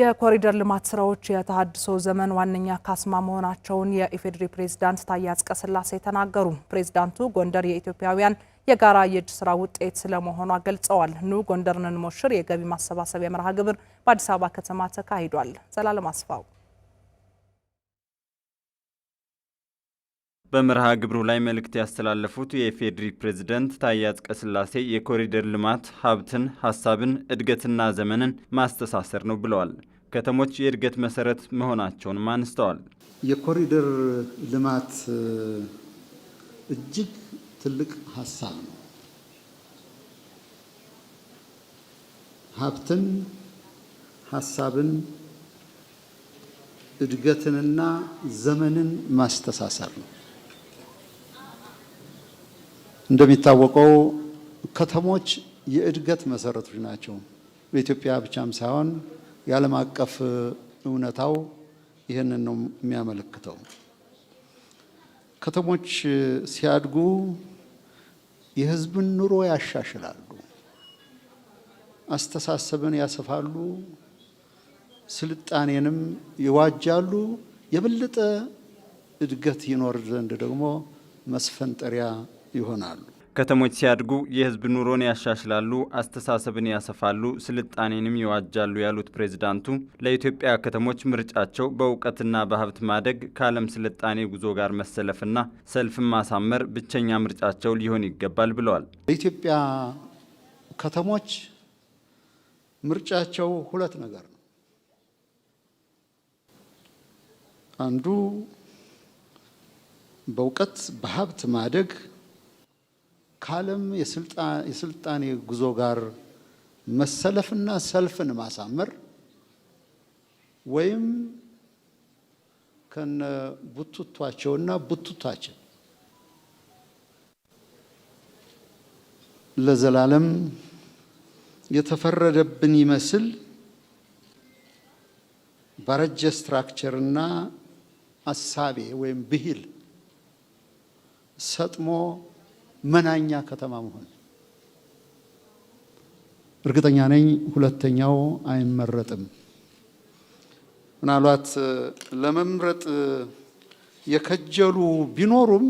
የኮሪደር ልማት ስራዎች የተሃድሶ ዘመን ዋነኛ ካስማ መሆናቸውን የኢፌዴሪ ፕሬዝዳንት ታዬ አጽቀሥላሴ ተናገሩ። ፕሬዝዳንቱ ጎንደር የኢትዮጵያውያን የጋራ የእጅ ስራ ውጤት ስለመሆኗ ገልጸዋል። ኑ ጎንደርን እንሞሽር የገቢ ማሰባሰቢያ መርሃ ግብር በአዲስ አበባ ከተማ ተካሂዷል። ዘላለም አስፋው በመርሃ ግብሩ ላይ መልእክት ያስተላለፉት የኢፌዴሪ ፕሬዝደንት ታዬ አጽቀሥላሴ የኮሪደር ልማት ሀብትን፣ ሀሳብን፣ እድገትና ዘመንን ማስተሳሰር ነው ብለዋል። ከተሞች የእድገት መሰረት መሆናቸውንም አንስተዋል። የኮሪደር ልማት እጅግ ትልቅ ሀሳብ ነው። ሀብትን፣ ሀሳብን፣ እድገትንና ዘመንን ማስተሳሰር ነው። እንደሚታወቀው ከተሞች የእድገት መሰረቶች ናቸው። በኢትዮጵያ ብቻም ሳይሆን የዓለም አቀፍ እውነታው ይህንን ነው የሚያመለክተው። ከተሞች ሲያድጉ የሕዝብን ኑሮ ያሻሽላሉ፣ አስተሳሰብን ያሰፋሉ፣ ስልጣኔንም ይዋጃሉ። የበለጠ እድገት ይኖር ዘንድ ደግሞ መስፈንጠሪያ ይሆናሉ። ከተሞች ሲያድጉ የህዝብ ኑሮን ያሻሽላሉ፣ አስተሳሰብን ያሰፋሉ፣ ስልጣኔንም ይዋጃሉ ያሉት ፕሬዝዳንቱ ለኢትዮጵያ ከተሞች ምርጫቸው በእውቀትና በሀብት ማደግ ከዓለም ስልጣኔ ጉዞ ጋር መሰለፍና ሰልፍን ማሳመር ብቸኛ ምርጫቸው ሊሆን ይገባል ብለዋል። ለኢትዮጵያ ከተሞች ምርጫቸው ሁለት ነገር ነው። አንዱ በእውቀት በሀብት ማደግ ከዓለም የስልጣኔ ጉዞ ጋር መሰለፍና ሰልፍን ማሳመር ወይም ከነ ቡቱቷቸውና ቡቱታቸው ለዘላለም የተፈረደብን ይመስል በረጀ ስትራክቸርና አሳቤ ወይም ብሂል ሰጥሞ መናኛ ከተማ መሆን እርግጠኛ ነኝ። ሁለተኛው አይመረጥም። ምናልባት ለመምረጥ የከጀሉ ቢኖሩም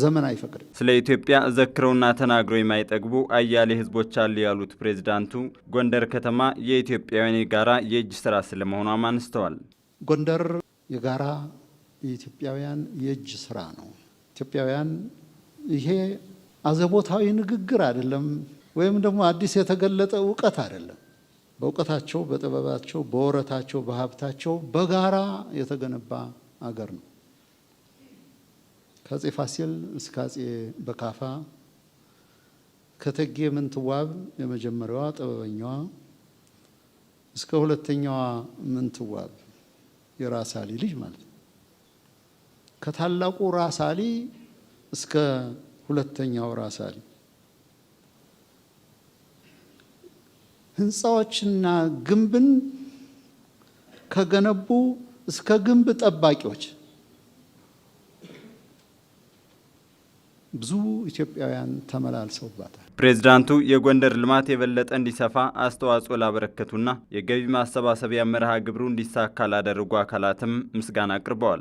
ዘመን አይፈቅድም። ስለ ኢትዮጵያ ዘክረውና ተናግረው የማይጠግቡ አያሌ ሕዝቦች አሉ ያሉት ፕሬዚዳንቱ ጎንደር ከተማ የኢትዮጵያውያን የጋራ የእጅ ስራ ስለመሆኗም አንስተዋል። ጎንደር የጋራ የኢትዮጵያውያን የእጅ ስራ ነው። ኢትዮጵያውያን ይሄ አዘቦታዊ ንግግር አይደለም፣ ወይም ደግሞ አዲስ የተገለጠ እውቀት አይደለም። በእውቀታቸው፣ በጥበባቸው፣ በወረታቸው፣ በሀብታቸው በጋራ የተገነባ አገር ነው። ከአፄ ፋሲል እስከ አጼ በካፋ ከተጌ ምንትዋብ የመጀመሪያዋ ጥበበኛዋ እስከ ሁለተኛዋ ምንትዋብ የራስ አሊ ልጅ ማለት ነው። ከታላቁ ራስ አሊ እስከ ሁለተኛው ራስ አሊ ህንፃዎችና ግንብን ከገነቡ እስከ ግንብ ጠባቂዎች ብዙ ኢትዮጵያውያን ተመላልሰውባታል። ፕሬዚዳንቱ የጎንደር ልማት የበለጠ እንዲሰፋ አስተዋጽኦ ላበረከቱና የገቢ ማሰባሰቢያ መርሃ ግብሩ እንዲሳካ ላደረጉ አካላትም ምስጋና አቅርበዋል።